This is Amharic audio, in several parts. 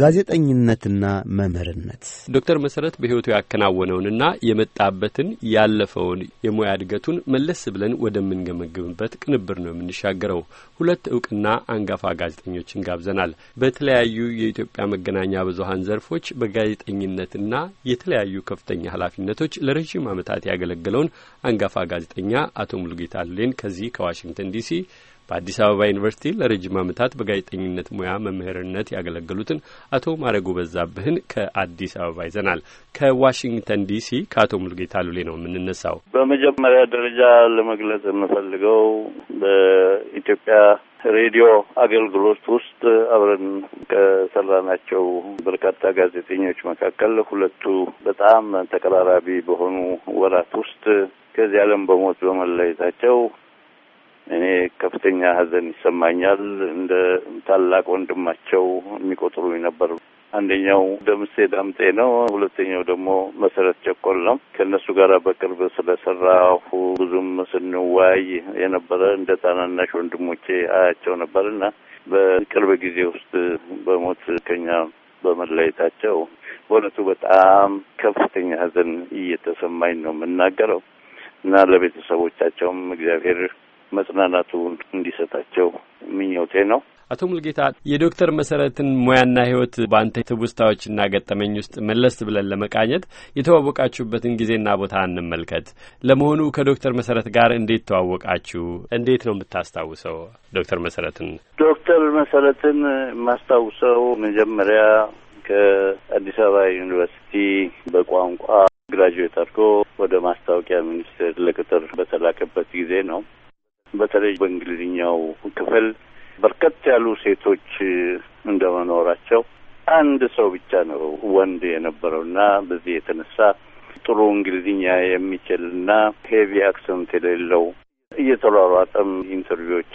ጋዜጠኝነትና መምህርነት ዶክተር መሰረት በሕይወቱ ያከናወነውንና የመጣበትን ያለፈውን የሙያ እድገቱን መለስ ብለን ወደምንገመግምበት ቅንብር ነው የምንሻገረው። ሁለት እውቅና አንጋፋ ጋዜጠኞችን ጋብዘናል። በተለያዩ የኢትዮጵያ መገናኛ ብዙሀን ዘርፎች በጋዜጠኝነትና የተለያዩ ከፍተኛ ኃላፊነቶች ለረዥም ዓመታት ያገለገለውን አንጋፋ ጋዜጠኛ አቶ ሙሉጌታ ሌን ከዚህ ከዋሽንግተን ዲሲ በአዲስ አበባ ዩኒቨርሲቲ ለረጅም ዓመታት በጋዜጠኝነት ሙያ መምህርነት ያገለገሉትን አቶ ማረጉ በዛብህን ከአዲስ አበባ ይዘናል። ከዋሽንግተን ዲሲ ከአቶ ሙልጌታ ሉሌ ነው የምንነሳው። በመጀመሪያ ደረጃ ለመግለጽ የምፈልገው በኢትዮጵያ ሬዲዮ አገልግሎት ውስጥ አብረን ከሰራናቸው በርካታ ጋዜጠኞች መካከል ሁለቱ በጣም ተቀራራቢ በሆኑ ወራት ውስጥ ከዚህ ዓለም በሞት በመለየታቸው እኔ ከፍተኛ ሐዘን ይሰማኛል። እንደ ታላቅ ወንድማቸው የሚቆጥሩ ነበር። አንደኛው ደምሴ ዳምጤ ነው። ሁለተኛው ደግሞ መሰረት ጨቆል ነው። ከእነሱ ጋር በቅርብ ስለሰራሁ ብዙም ስንዋይ የነበረ እንደ ታናናሽ ወንድሞቼ አያቸው ነበር እና በቅርብ ጊዜ ውስጥ በሞት ከኛ በመለየታቸው በእውነቱ በጣም ከፍተኛ ሐዘን እየተሰማኝ ነው የምናገረው እና ለቤተሰቦቻቸውም እግዚአብሔር መጽናናቱ እንዲሰጣቸው ምኞቴ ነው። አቶ ሙልጌታ የዶክተር መሰረትን ሙያና ህይወት በአንተ ትውስታዎችና ገጠመኝ ውስጥ መለስ ብለን ለመቃኘት የተዋወቃችሁበትን ጊዜና ቦታ እንመልከት። ለመሆኑ ከዶክተር መሰረት ጋር እንዴት ተዋወቃችሁ? እንዴት ነው የምታስታውሰው ዶክተር መሰረትን? ዶክተር መሰረትን ማስታውሰው መጀመሪያ ከአዲስ አበባ ዩኒቨርሲቲ በቋንቋ ግራጁዌት አድርጎ ወደ ማስታወቂያ ሚኒስቴር ለቅጥር በተላከበት ጊዜ ነው። በተለይ በእንግሊዝኛው ክፍል በርከት ያሉ ሴቶች እንደመኖራቸው አንድ ሰው ብቻ ነው ወንድ የነበረውና በዚህ የተነሳ ጥሩ እንግሊዝኛ የሚችልና ሄቪ አክሰንት የሌለው እየተሯሯጠም ኢንተርቪዎች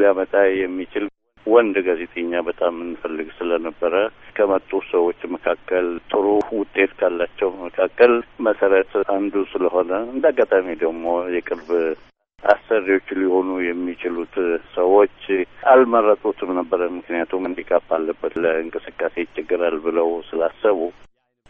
ሊያመጣ የሚችል ወንድ ጋዜጠኛ በጣም እንፈልግ ስለነበረ ከመጡ ሰዎች መካከል ጥሩ ውጤት ካላቸው መካከል መሰረት አንዱ ስለሆነ እንደ አጋጣሚ ደግሞ የቅርብ አሰሪዎች ሊሆኑ የሚችሉት ሰዎች አልመረጡትም ነበረ። ምክንያቱም እንዲካፍ አለበት ለእንቅስቃሴ ይቸግራል ብለው ስላሰቡ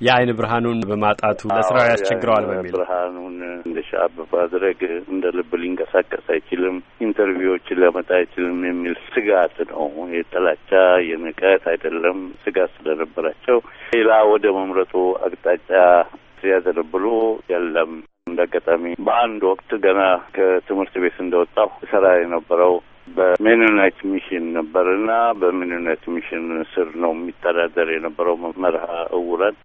የአይን ብርሃኑን በማጣቱ ለስራው ያስቸግረዋል በሚል ብርሃኑን እንደ ሻብ ማድረግ እንደ ልብ ሊንቀሳቀስ አይችልም፣ ኢንተርቪዎችን ለመጣ አይችልም የሚል ስጋት ነው። የጥላቻ የንቀት አይደለም። ስጋት ስለነበራቸው ሌላ ወደ መምረጡ አቅጣጫ ሲያዘነብሉ የለም እንደ አጋጣሚ በአንድ ወቅት ገና ከትምህርት ቤት እንደወጣሁ ስራ የነበረው በሜኖናይት ሚሽን ነበር እና በሜኖናይት ሚሽን ስር ነው የሚተዳደር የነበረው። መርሃ እውራት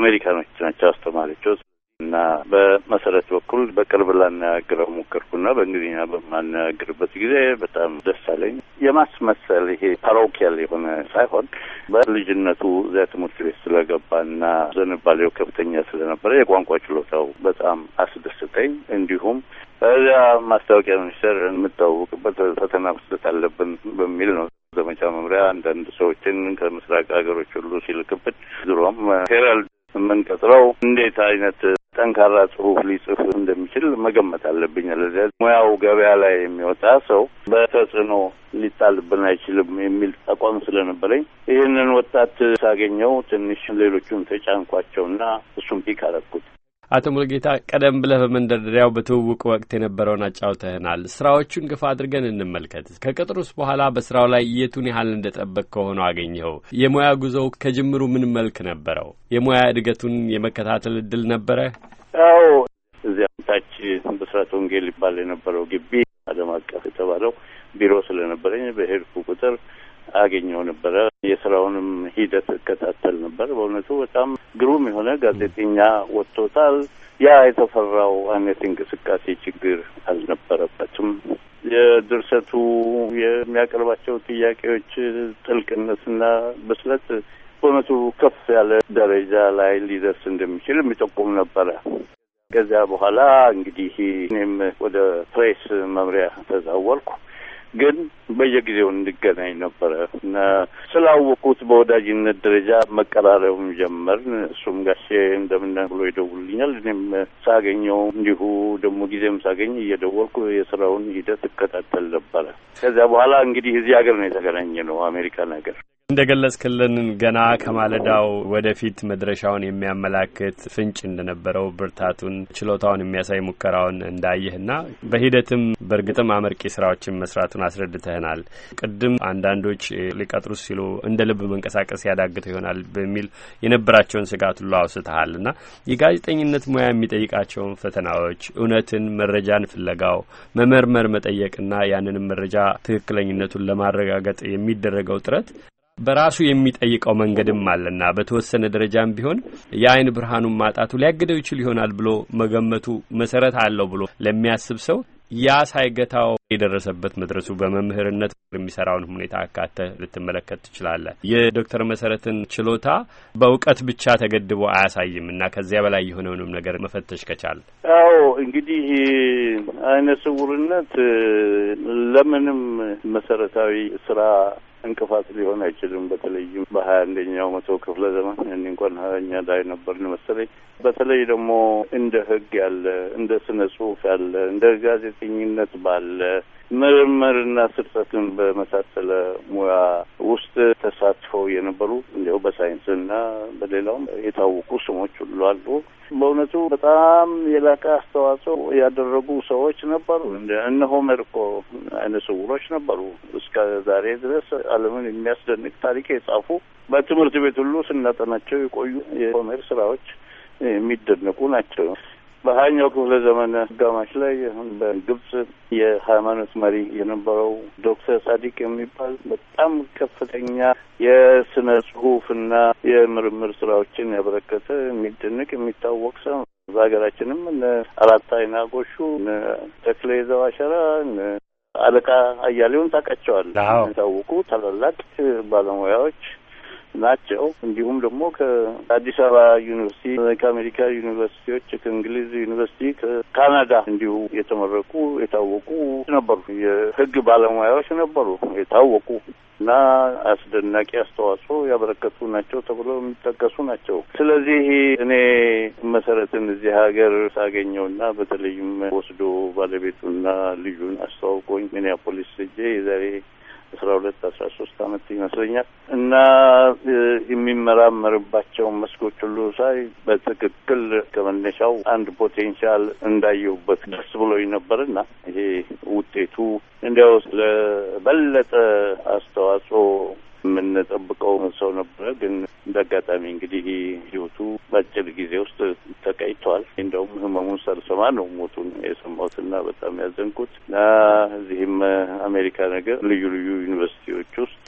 አሜሪካኖች ናቸው አስተማሪዎቹ። እና በመሰረት በኩል በቅርብ ላነጋግረው ሞከርኩና በእንግሊዝኛ በማነጋግርበት ጊዜ በጣም ደስ አለኝ። የማስመሰል ይሄ ፓሮኪያል የሆነ ሳይሆን በልጅነቱ እዚያ ትምህርት ቤት ስለገባ ስለገባና ዘንባሌው ከፍተኛ ስለነበረ የቋንቋ ችሎታው በጣም አስደስተኝ። እንዲሁም በዚያ ማስታወቂያ ሚኒስቴር የምታወቅበት ፈተና መስጠት አለብን በሚል ነው ዘመቻ መምሪያ አንዳንድ ሰዎችን ከምስራቅ ሀገሮች ሁሉ ሲልክብን ድሮም ሄራልድ የምንቀጥረው እንዴት አይነት ጠንካራ ጽሁፍ ሊጽፍ እንደሚችል መገመት አለብኝ። ለዚያ ሙያው ገበያ ላይ የሚወጣ ሰው በተጽዕኖ ሊጣልብን አይችልም የሚል አቋም ስለነበረኝ ይህንን ወጣት ሳገኘው ትንሽ ሌሎቹን ተጫንኳቸውና እሱም ፒክ አረኩት። አቶ ሙሉጌታ ቀደም ብለህ በመንደርደሪያው በትውውቅ ወቅት የነበረውን አጫውተህናል። ስራዎቹን ገፋ አድርገን እንመልከት። ከቅጥሩስ በኋላ በስራው ላይ የቱን ያህል እንደጠበቅ ከሆነ አገኘኸው? የሙያ ጉዞው ከጅምሩ ምን መልክ ነበረው? የሙያ እድገቱን የመከታተል እድል ነበረ? አዎ፣ እዚያ ታች ብስራት ወንጌል ይባል የነበረው ግቢ አለም አቀፍ የተባለው ቢሮ ስለነበረኝ በሄድኩ ቁጥር አገኘው ነበረ። የስራውንም ሂደት እከታተል ነበር። በእውነቱ በጣም ግሩም የሆነ ጋዜጠኛ ወጥቶታል። ያ የተፈራው አይነት እንቅስቃሴ ችግር አልነበረበትም። የድርሰቱ የሚያቀርባቸው ጥያቄዎች ጥልቅነትና ብስለት በእውነቱ ከፍ ያለ ደረጃ ላይ ሊደርስ እንደሚችል የሚጠቁም ነበረ። ከዚያ በኋላ እንግዲህ እኔም ወደ ፕሬስ መምሪያ ተዛወርኩ። ግን በየጊዜው እንገናኝ ነበረ እና ስላወቁት በወዳጅነት ደረጃ መቀራረብም ጀመር። እሱም ጋሼ እንደምን ብሎ ይደውልኛል። እኔም ሳገኘው እንዲሁ ደግሞ ጊዜም ሳገኝ እየደወልኩ የስራውን ሂደት እከታተል ነበረ። ከዚያ በኋላ እንግዲህ እዚህ ሀገር ነው የተገናኘ ነው አሜሪካን ሀገር እንደ ገለጽክልን ገና ከማለዳው ወደፊት መድረሻውን የሚያመላክት ፍንጭ እንደነበረው ብርታቱን፣ ችሎታውን የሚያሳይ ሙከራውን እንዳየህና በሂደትም በእርግጥም አመርቂ ስራዎችን መስራቱን አስረድተህናል። ቅድም አንዳንዶች ሊቀጥሩ ሲሉ እንደ ልብ መንቀሳቀስ ያዳግተው ይሆናል በሚል የነበራቸውን ስጋት ሁሉ አውስተሃል እና የጋዜጠኝነት ሙያ የሚጠይቃቸውን ፈተናዎች እውነትን፣ መረጃን ፍለጋው መመርመር፣ መጠየቅና ያንንም መረጃ ትክክለኝነቱን ለማረጋገጥ የሚደረገው ጥረት በራሱ የሚጠይቀው መንገድም አለና በተወሰነ ደረጃም ቢሆን የአይን ብርሃኑን ማጣቱ ሊያግደው ይችል ይሆናል ብሎ መገመቱ መሰረት አለው ብሎ ለሚያስብ ሰው ያ ሳይገታው የደረሰበት መድረሱ በመምህርነት የሚሰራውን ሁኔታ አካተ ልትመለከት ትችላለህ። የዶክተር መሰረትን ችሎታ በእውቀት ብቻ ተገድቦ አያሳይም እና ከዚያ በላይ የሆነውንም ነገር መፈተሽ ከቻል አዎ፣ እንግዲህ አይነ ስውርነት ለምንም መሰረታዊ ስራ እንቅፋት ሊሆን አይችልም። በተለይም በሀያ አንደኛው መቶ ክፍለ ዘመን እኔ እንኳን ሀያኛ ላይ ነበርን መሰለኝ። በተለይ ደግሞ እንደ ህግ ያለ እንደ ስነ ጽሁፍ ያለ እንደ ጋዜጠኝነት ባለ ምርምርና ስርጸትን በመሳሰለ ሙያ ውስጥ ተሳትፈው የነበሩ እንዲሁ በሳይንስና በሌላውም የታወቁ ስሞች ሁሉ አሉ። በእውነቱ በጣም የላቀ አስተዋጽኦ ያደረጉ ሰዎች ነበሩ። እነ ሆሜር እኮ አይነ ስውሮች ነበሩ። እስከ ዛሬ ድረስ ዓለምን የሚያስደንቅ ታሪክ የጻፉ በትምህርት ቤት ሁሉ ስናጠናቸው የቆዩ የሆመር ስራዎች የሚደነቁ ናቸው። በሀያኛው ክፍለ ዘመን አጋማሽ ላይ በግብጽ የሃይማኖት መሪ የነበረው ዶክተር ሳዲቅ የሚባል በጣም ከፍተኛ የስነ ጽሁፍና የምርምር ስራዎችን ያበረከተ የሚደንቅ የሚታወቅ ሰው በሀገራችንም እነ አራት አይና ጎሹ፣ እነ ተክለ ይዘው አሸራ፣ እነ አለቃ አያሌውን ታውቃቸዋለህ። ታወቁ ታላላቅ ባለሙያዎች ናቸው። እንዲሁም ደግሞ ከአዲስ አበባ ዩኒቨርሲቲ፣ ከአሜሪካ ዩኒቨርሲቲዎች፣ ከእንግሊዝ ዩኒቨርሲቲ፣ ከካናዳ እንዲሁ የተመረቁ የታወቁ ነበሩ። የህግ ባለሙያዎች ነበሩ የታወቁ እና አስደናቂ አስተዋጽኦ ያበረከቱ ናቸው ተብሎ የሚጠቀሱ ናቸው። ስለዚህ እኔ መሰረትን እዚህ ሀገር ሳገኘውና በተለይም ወስዶ ባለቤቱና ልጁን አስተዋውቆኝ ሚኒያፖሊስ ሄጄ የዛሬ አስራ ሁለት አስራ ሶስት አመት ይመስለኛል እና የሚመራመርባቸውን መስኮች ሁሉ ሳይ በትክክል ከመነሻው አንድ ፖቴንሻል እንዳየሁበት ደስ ብሎኝ ነበርና ይሄ ውጤቱ እንዲያው ለበለጠ አስተዋጽኦ የምንጠብቀው ሰው ነበረ። ግን እንደ እንግዲህ ህይወቱ በአጭር ጊዜ ውስጥ ተቀይቷል። እንደውም ህመሙን ሳልሰማ ነው ሞቱን የሰማሁትና በጣም ያዘንኩት እና እዚህም አሜሪካ ነገር ልዩ ልዩ ዩኒቨርሲቲዎች ውስጥ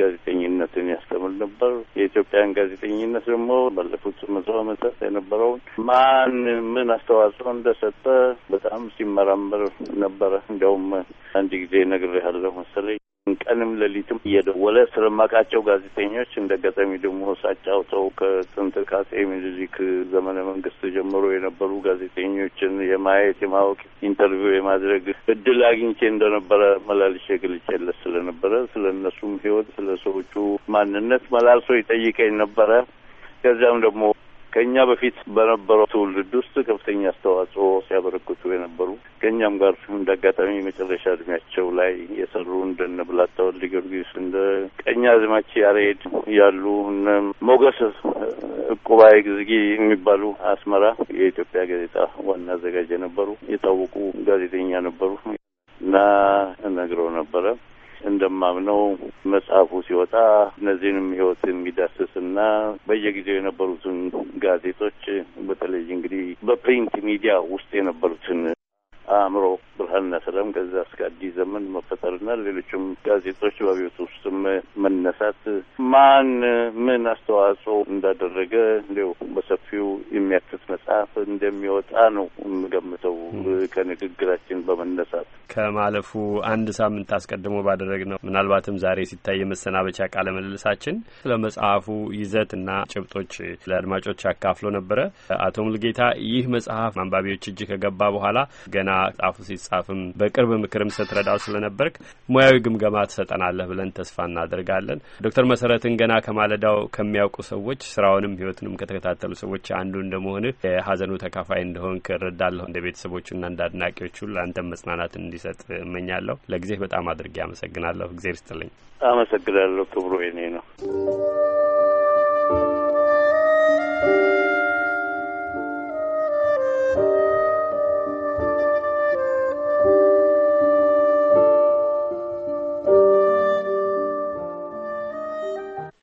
ጋዜጠኝነትን ያስተምር ነበር። የኢትዮጵያን ጋዜጠኝነት ደግሞ ባለፉት መቶ ዓመታት የነበረውን ማን ምን አስተዋጽኦ እንደሰጠ በጣም ሲመራመር ነበረ። እንደውም አንድ ጊዜ ነግሬሃለሁ መሰለኝ ቀንም ሌሊትም እየደወለ ስለማውቃቸው ጋዜጠኞች እንደ ገጠሚ ደግሞ ሳጫውተው ከጥንት ከአጼ ምኒልክ ዘመነ መንግስት ጀምሮ የነበሩ ጋዜጠኞችን የማየት የማወቅ ኢንተርቪው የማድረግ እድል አግኝቼ እንደነበረ መላልሼ ገልጬለት ስለነበረ ስለ እነሱም ህይወት ስለ ሰዎቹ ማንነት መላልሶ ይጠይቀኝ ነበረ። ከዚያም ደግሞ ከእኛ በፊት በነበረው ትውልድ ውስጥ ከፍተኛ አስተዋጽኦ ሲያበረክቱ የነበሩ ከእኛም ጋር እንደ አጋጣሚ መጨረሻ እድሜያቸው ላይ የሰሩ እንደነ ብላታ ወልደ ጊዮርጊስ እንደ ቀኛ ቀኛዝማች ያሬድ ያሉ እነ ሞገስ እቁባይ ግዝጊ የሚባሉ አስመራ የኢትዮጵያ ጋዜጣ ዋና አዘጋጅ የነበሩ የታወቁ ጋዜጠኛ ነበሩ እና ነግረው ነበረ እንደማምነው መጽሐፉ ሲወጣ እነዚህንም ህይወት የሚዳስስና በየጊዜው የነበሩትን ጋዜጦች በተለይ እንግዲህ በፕሪንት ሚዲያ ውስጥ የነበሩትን አእምሮ ብርሃንና ሰላም ከዛ እስከ አዲስ ዘመን መፈጠርና ሌሎችም ጋዜጦች በቤት ውስጥም መነሳት ማን ምን አስተዋጽኦ እንዳደረገ እንዲው በሰፊው የሚያክት መጽሐፍ እንደሚ እንደሚወጣ ነው የምገምተው ከንግግራችን በመነሳት ከማለፉ አንድ ሳምንት አስቀድሞ ባደረግ ነው ምናልባትም ዛሬ ሲታይ የመሰናበቻ ቃለ መልልሳችን ስለ መጽሐፉ ይዘትና ጭብጦች ለአድማጮች አካፍሎ ነበረ። አቶ ሙልጌታ ይህ መጽሐፍ አንባቢዎች እጅ ከገባ በኋላ ገና ጻፉ ሲጻፍም በቅርብ ምክርም ስትረዳው ስለነበርክ ሙያዊ ግምገማ ትሰጠናለህ ብለን ተስፋ እናደርጋለን። ዶክተር መሰረትን ገና ከማለዳው ከሚያውቁ ሰዎች ስራውንም ህይወትንም ከተከታተሉ ሰዎች አንዱ እንደመሆንህ የሀዘኑ ተካፋይ እንደሆን እረዳለሁ። እንደ ቤተሰቦቹና እንደ አድናቂዎቹ ለአንተም መጽናናትን እንዲሰጥ እመኛለሁ። ለጊዜህ በጣም አድርጌ አመሰግናለሁ። እግዜር ይስጥልኝ። አመሰግናለሁ። ክብሩ የኔ ነው።